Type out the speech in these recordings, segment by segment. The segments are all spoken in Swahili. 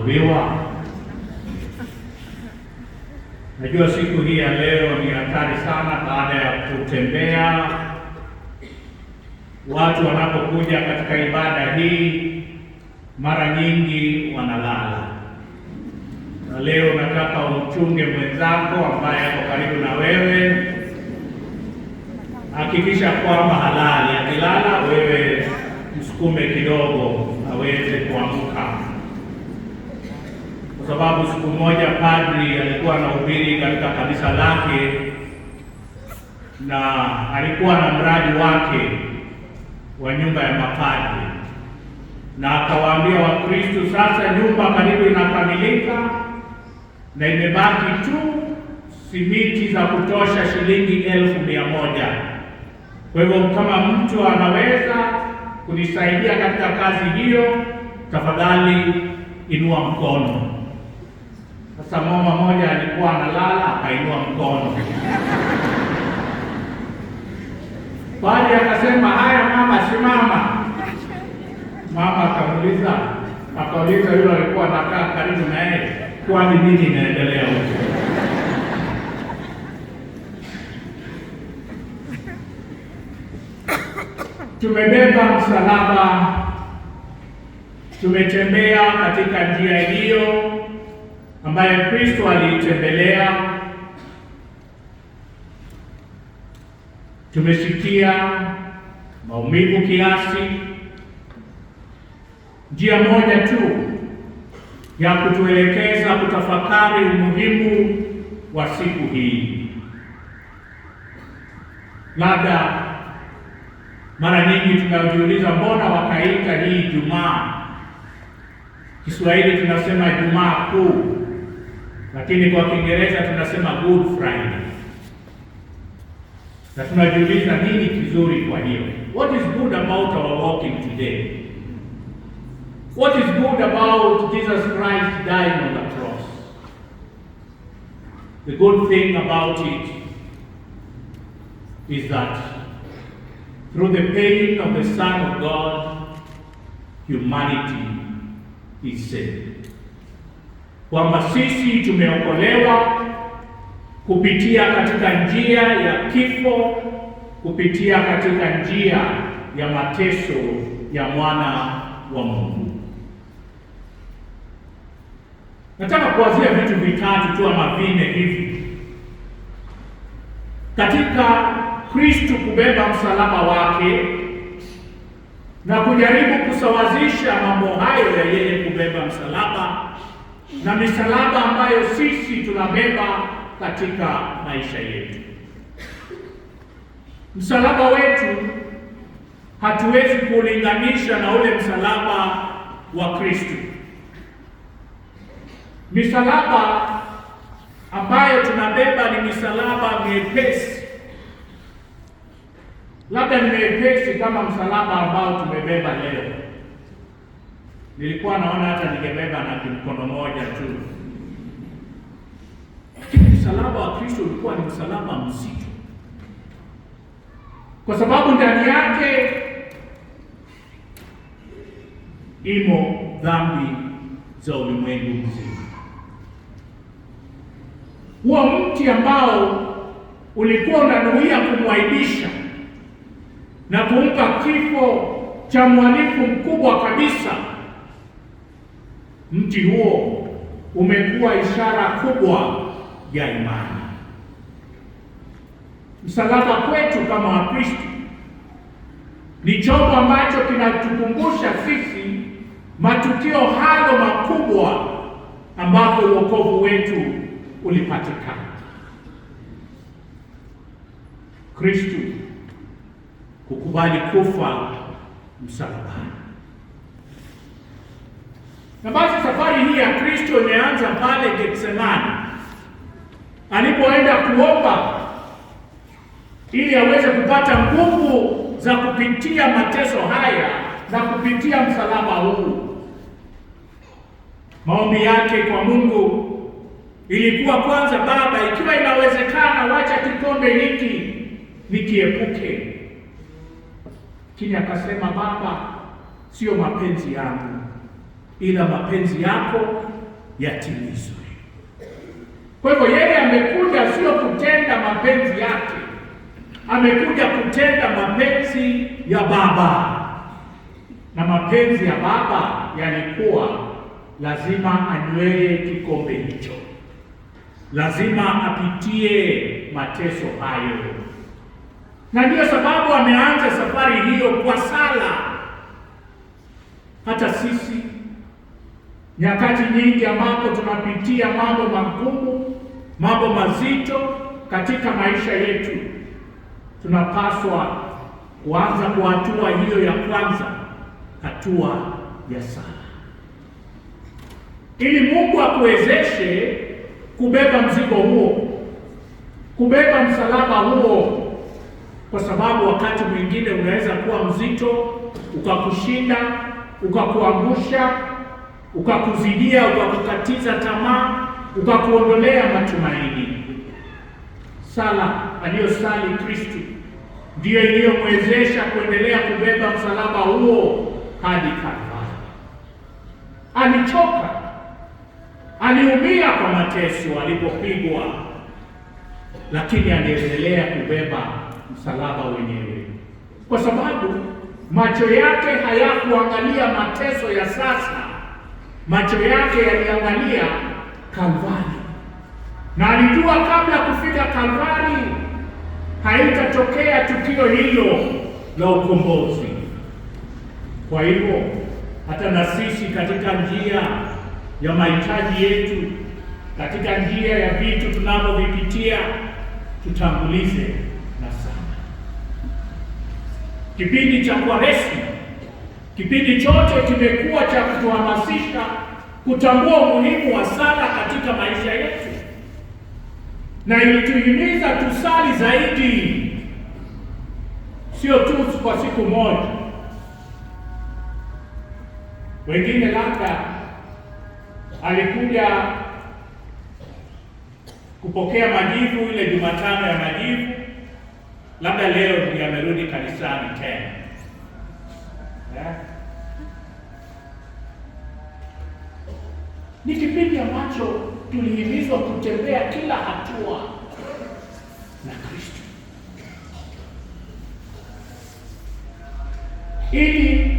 kuhudumiwa. Najua siku hii ya leo ni hatari sana, baada ya kutembea watu wanapokuja katika ibada hii mara nyingi wanalala, na leo nataka umchunge mwenzako ambaye ako karibu na wewe. Hakikisha kwamba halali, akilala wewe msukume kidogo aweze kuamka sababu siku moja padri alikuwa anahubiri katika kanisa lake na alikuwa na mradi wake wa nyumba ya mapadri, na akawaambia Wakristo, sasa nyumba karibu inakamilika na imebaki tu simiti za kutosha shilingi elfu mia moja. Kwa hivyo kama mtu anaweza kunisaidia katika kazi hiyo, tafadhali inua mkono. Sasa mama moja alikuwa analala, akainua mkono bali akasema, haya mama, simama. Mama akamuuliza akauliza yule alikuwa anakaa karibu na yeye, kwani nini inaendelea huko? Tumebeba msalaba, tumetembea katika njia hiyo ambaye Kristo aliitembelea. Tumesikia maumivu kiasi. Njia moja tu ya kutuelekeza kutafakari umuhimu wa siku hii. Labda mara nyingi tunajiuliza, mbona wakaita hii Jumaa? Kiswahili tunasema Jumaa Kuu lakini kwa Kiingereza tunasema Good Friday, na tunajiuliza nini kizuri kwa hiyo. What is good about our walking today? What is good about Jesus Christ dying on the cross? The good thing about it is that through the pain of the Son of God, humanity is saved kwamba sisi tumeokolewa kupitia katika njia ya kifo, kupitia katika njia ya mateso ya mwana wa Mungu. Nataka kuanzia vitu vitatu tu ama vinne hivi katika Kristu kubeba msalaba wake na kujaribu kusawazisha mambo hayo ya yeye kubeba msalaba na misalaba ambayo sisi tunabeba katika maisha yetu. Msalaba wetu hatuwezi kulinganisha na ule msalaba wa Kristo. Misalaba ambayo tunabeba ni misalaba miepesi, labda ni miepesi kama msalaba ambao tumebeba leo nilikuwa naona hata ningebeba na kimkono moja tu. Lakini msalaba wa Kristo ulikuwa ni msalaba mzito, kwa sababu ndani yake imo dhambi za ulimwengu mzima. Huo mti ambao ulikuwa unanuia kumwaibisha na kumpa kifo cha mwalifu mkubwa kabisa Mti huo umekuwa ishara kubwa ya imani. Msalaba kwetu kama Wakristo ni chombo ambacho kinatukumbusha sisi matukio hayo makubwa ambapo wokovu wetu ulipatikana. Kristu kukubali kufa msalabani na basi safari hii ya Kristo imeanza pale Getsemani alipoenda kuomba ili aweze kupata nguvu za kupitia mateso haya na kupitia msalaba huu. Maombi yake kwa Mungu ilikuwa kwanza, Baba, ikiwa inawezekana, wacha kikombe hiki nikiepuke, lakini akasema, Baba, sio mapenzi yangu ila mapenzi yako yatimizwe. Kwa hivyo, yeye amekuja sio kutenda mapenzi yake, amekuja kutenda mapenzi ya Baba, na mapenzi ya Baba yalikuwa lazima anywee kikombe hicho, lazima apitie mateso hayo, na ndiyo sababu ameanza safari hiyo kwa sala. Hata sisi nyakati nyingi ambapo tunapitia mambo magumu, mambo mazito katika maisha yetu, tunapaswa kuanza kwa hatua hiyo ya kwanza, hatua ya sala, ili Mungu akuwezeshe kubeba mzigo huo, kubeba msalaba huo, kwa sababu wakati mwingine unaweza kuwa mzito ukakushinda, ukakuangusha ukakuzidia, ukakukatiza tamaa, ukakuondolea matumaini. Sala aliyosali Kristo ndiyo iliyomwezesha kuendelea kubeba msalaba huo hadi Kalvari. Alichoka, aliumia kwa mateso alipopigwa, lakini aliendelea kubeba msalaba wenyewe kwa sababu macho yake hayakuangalia mateso ya sasa macho yake yaliangalia Kalvari, na alijua kabla kufika Kalvari haitatokea tukio hilo la ukombozi. Kwa hivyo hata na sisi katika njia ya mahitaji yetu, katika njia ya vitu tunavyovipitia, tutangulize na sana kipindi cha Kwaresma Kipindi chote kimekuwa cha kutuhamasisha kutambua umuhimu wa sala katika maisha yetu, na ilituhimiza tusali zaidi, sio tu kwa siku moja. Wengine labda alikuja kupokea majivu ile Jumatano ya majivu, labda leo ndiye amerudi kanisani tena ni kipindi ambacho tulihimizwa kutembea kila hatua na Kristo ili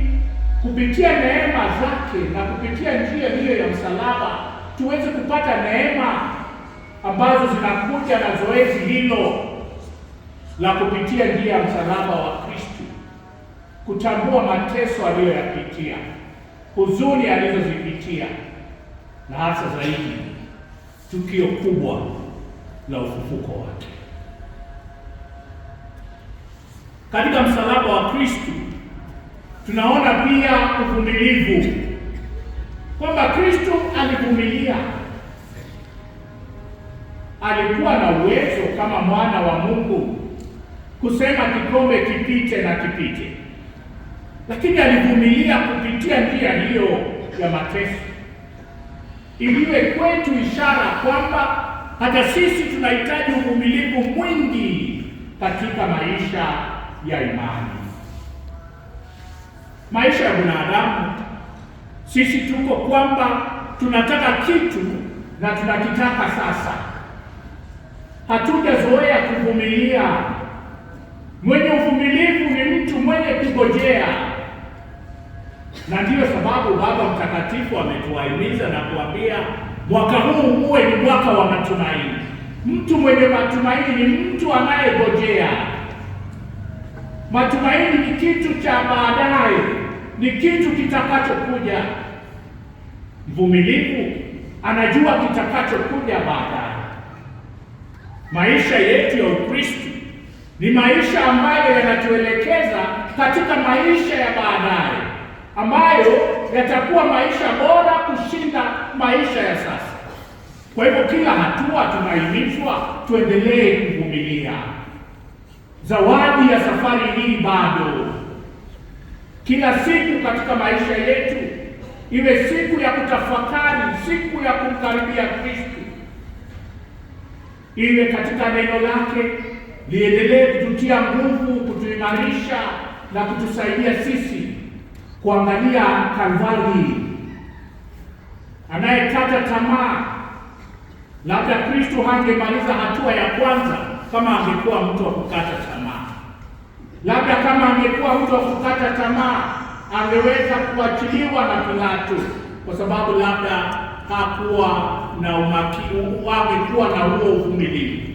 kupitia neema zake na kupitia njia hiyo ya msalaba tuweze kupata neema ambazo zinakuja na zoezi hilo la kupitia njia ya msalaba wa Kristo kutambua mateso aliyoyapitia, huzuni alizozipitia, na hasa zaidi tukio kubwa la ufufuko wake. Katika msalaba wa Kristu tunaona pia uvumilivu, kwamba Kristu alivumilia. Alikuwa na uwezo kama mwana wa Mungu kusema kikombe kipite na kipite lakini alivumilia kupitia njia hiyo ya mateso, iliwe kwetu ishara kwamba hata sisi tunahitaji uvumilivu mwingi katika maisha ya imani. Maisha ya binadamu, sisi tuko kwamba tunataka kitu na tunakitaka sasa. Hatujazoea kuvumilia. Mwenye uvumilivu ni mtu mwenye kungojea na ndiyo sababu Baba Mtakatifu ametuahimiza na kuambia mwaka huu uwe ni mwaka wa matumaini. Mtu mwenye matumaini ni mtu anayegojea. Matumaini ni kitu cha baadaye, ni kitu kitakachokuja. Mvumilivu anajua kitakachokuja baadaye. Maisha yetu ya Ukristo ni maisha ambayo yanatuelekeza katika maisha ya baadaye ambayo yatakuwa maisha bora kushinda maisha ya sasa. Kwa hivyo kila hatua tunahimizwa tuendelee kuvumilia. Zawadi ya safari hii bado. Kila siku katika maisha yetu iwe siku ya kutafakari, siku ya kumkaribia Kristu, iwe katika neno lake liendelee kututia nguvu, kutuimarisha na kutusaidia sisi kuangalia Kalvari. Anayekata tamaa, labda Kristo hangemaliza hatua ya kwanza kama angekuwa mtu wa kukata tamaa. Labda kama angekuwa mtu wa kukata tamaa, angeweza kuachiliwa na Pilato, kwa sababu labda hakuwa na umakini, angekuwa na huo uvumilivu.